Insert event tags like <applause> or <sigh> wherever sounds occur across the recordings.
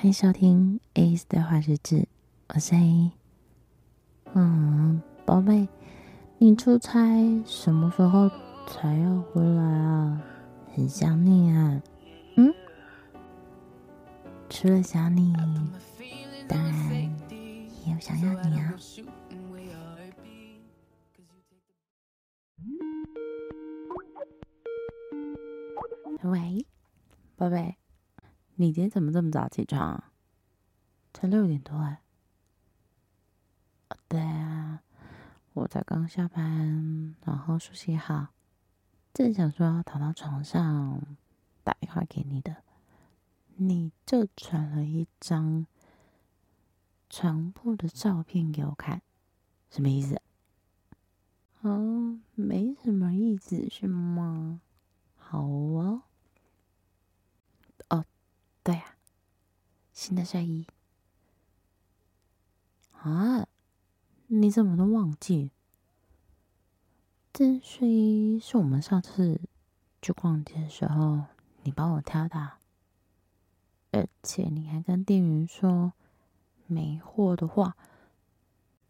歡迎收聽 Ace 的話事志，我 say、okay。嗯，寶貝，你出差什麼時候才要回來啊？很想你啊，嗯，除了想你，當然也有想要你啊。嗯、喂，寶貝。你今天怎麼這麼早起床啊？才六點多哎。對啊，我才剛下班，然後梳洗好，正想說要躺到床上打電話給你的，你就傳了一張床鋪的照片給我看，什麼意思？哦，沒什麼意思是嗎？好啊，哦。對啊，新的睡衣啊？你怎麼都忘記？這睡衣是我們上次去逛街的時候你幫我挑的，而且你還跟店員說沒貨的話，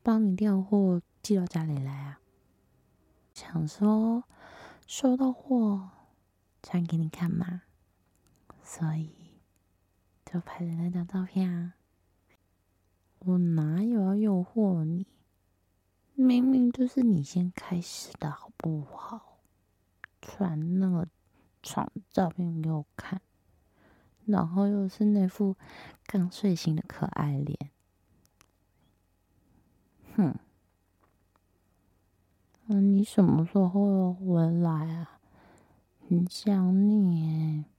幫你調貨寄到家裡來啊。想說收到貨穿給你看嘛，所以。就拍的那張照片啊！我哪有要誘惑你？明明就是你先開始的好不好？傳那個床照片給我看，然後又是那副剛睡醒的可愛臉。哼！你什麼時候回來啊？很想你，欸。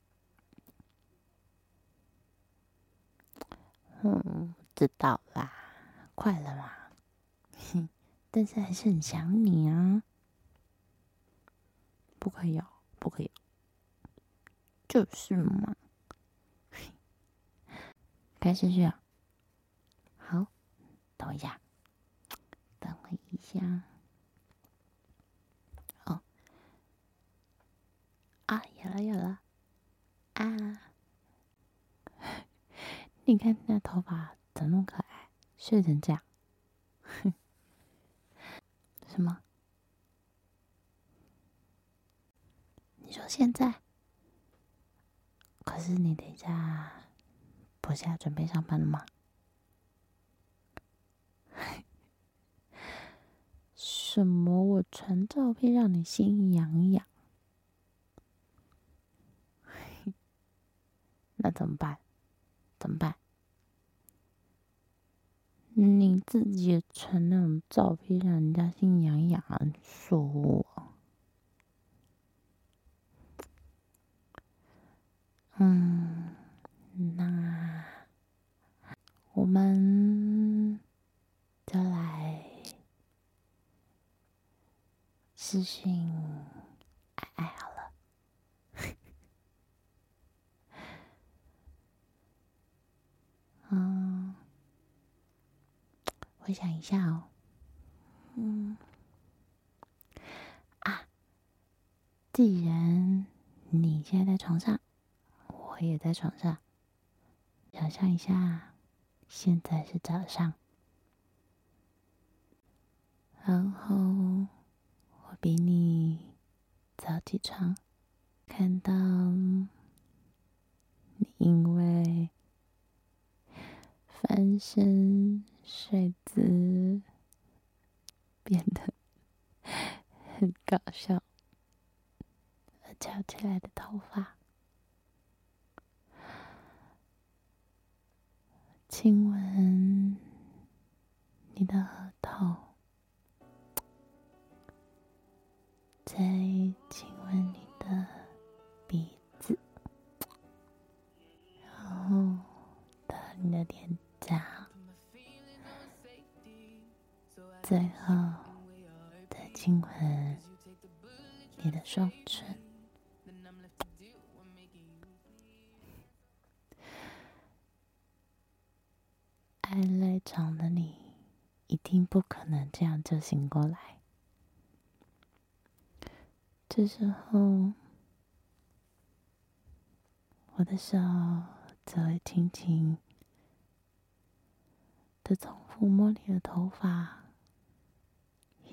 嗯，知道啦，快了嘛，但是還是很想你啊，不可以、啊，不可以，就是嘛，開始去啊，好，等我一下，等我一下，哦，啊、哦，有了有了，啊。你看那頭髮怎麼那麼可愛，睡成這樣，哼！什麼？你說現在？可是你等一下，不是要準備上班了嗎？ <laughs> 什麼？我傳照片讓你心癢癢？ <laughs> 那怎麼辦？怎麼辦？你自己傳那種照片讓、啊、人家心癢癢說我。嗯，那我們再來視訊愛愛好分享一下哦，嗯，啊，既然你現在在床上，我也在床上，想象一下，現在是早上，然後我比你早起床，看到你因為翻身，睡姿變得很搞笑，而翹起來的頭髮，親吻你的額頭，再親吻你的鼻子，然後打你的臉。最後，再親吻你的雙唇。愛賴床的你，一定不可能這樣就醒過來。這時候，我的手就會輕輕的重複摸你的頭髮。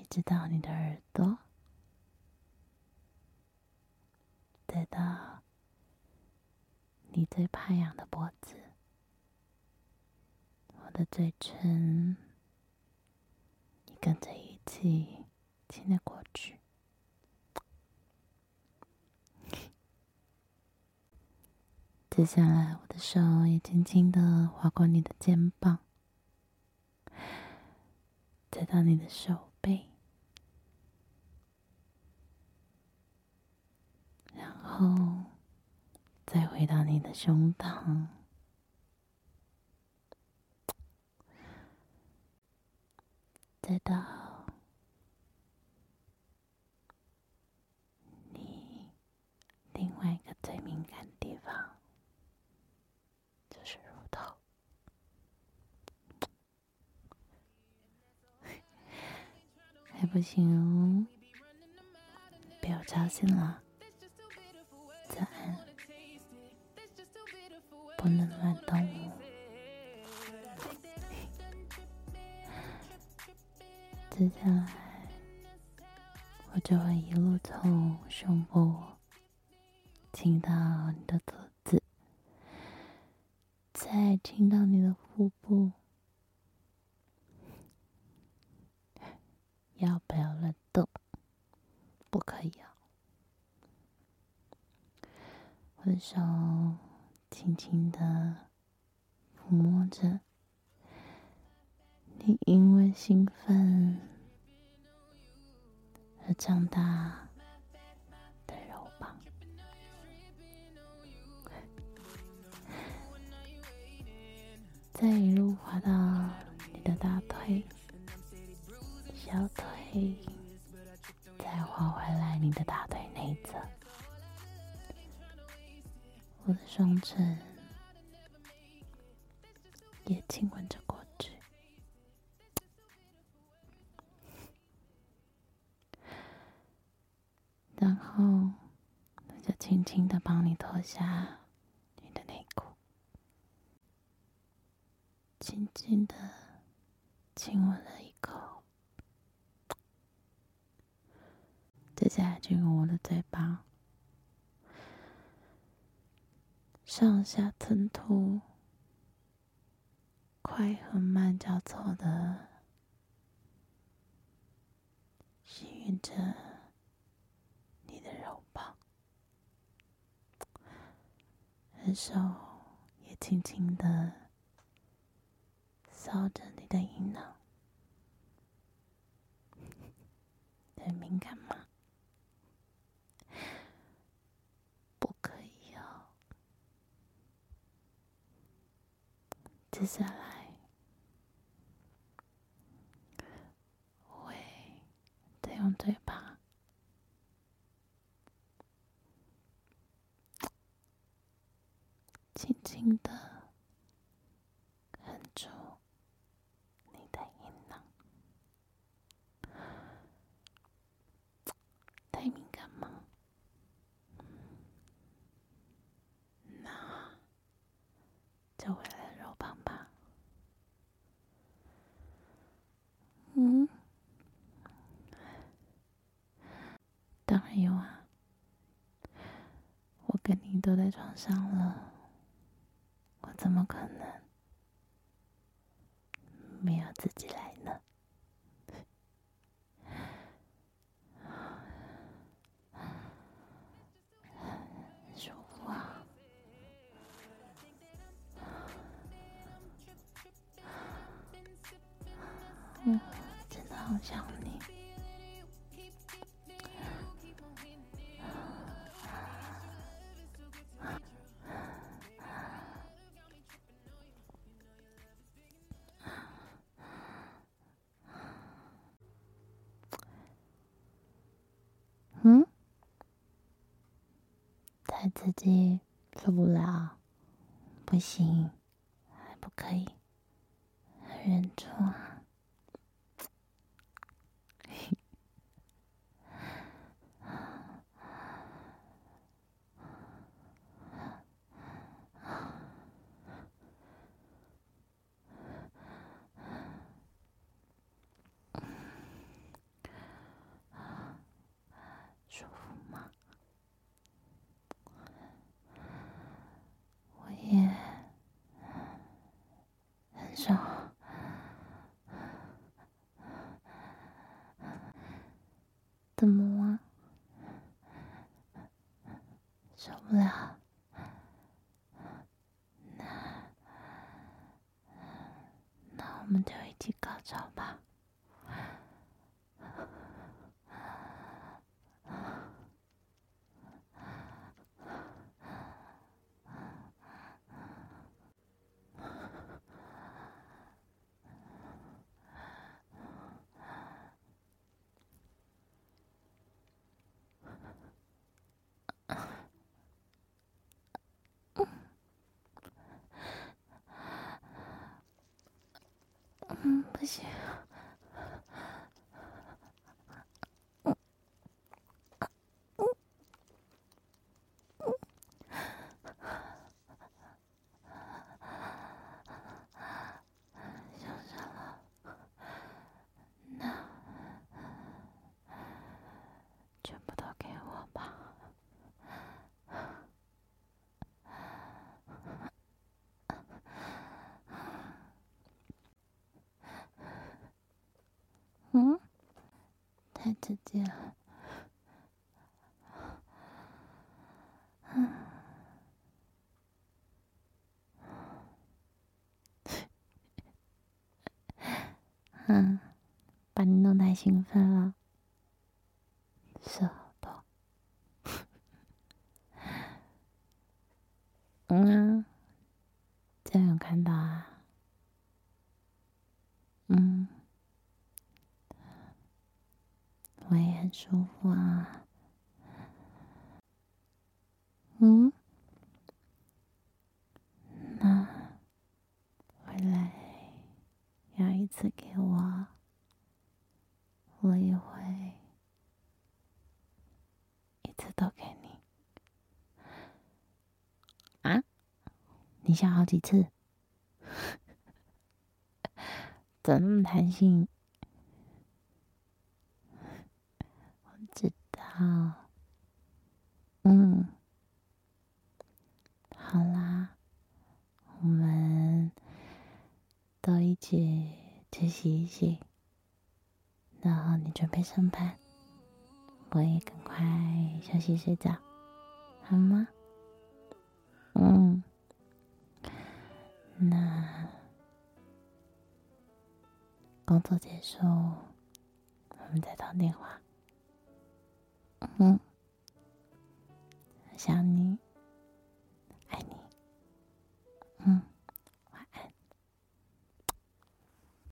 直到你的耳朵，再到你最怕癢的脖子，我的嘴唇，你跟着一起親了過去。接下來，我的手也輕輕的劃過你的肩膀，再到你的手。哦，然後再回到你的胸膛，再到你另外一個最敏感的地方，就是乳頭。還不行哦，不要著急了。不能亂動哦，嗯。接下來，我就會一路從胸部親到你的肚子，再親到你的腹部。要不要亂動？不可以啊！我的手。輕輕的撫摸，摸着你，因為興奮而長大的肉棒，再一路滑到你的大腿、小腿，再滑回來你的大腿內側。我的雙唇也親吻着過去，然後我就輕輕的幫你脫下你的內褲，輕輕的親吻了一口，接下來就用我的嘴巴。上下吞吐，快和慢交錯的，吸吮着你的肉棒，雙手也輕輕的掃着你的陰囊，很 <laughs> 敏感嗎？接下來，我會再用嘴巴輕輕的按住你的陰囊，太敏感嗎？那就回來。都在床上了，我怎麼可能沒有自己來呢？說話，啊，嗯，真的好想你。自己受不了，不行，還不可以，忍住啊。受怎麼了、啊？受不了。不行。姐姐， <laughs> 嗯，把你弄太興奮了，是不？ <laughs> 嗯啊，真有看到啊。舒服啊，嗯，那回來要一次給我，我也會，一次都給你。啊，你想好幾次， <laughs> 怎麼那麼貪心？好、哦，嗯，好啦，我們都一起去洗一洗，然後你準備上班，我也趕快休息睡覺，好嗎？嗯，那工作結束，我們再通電話。嗯，想你。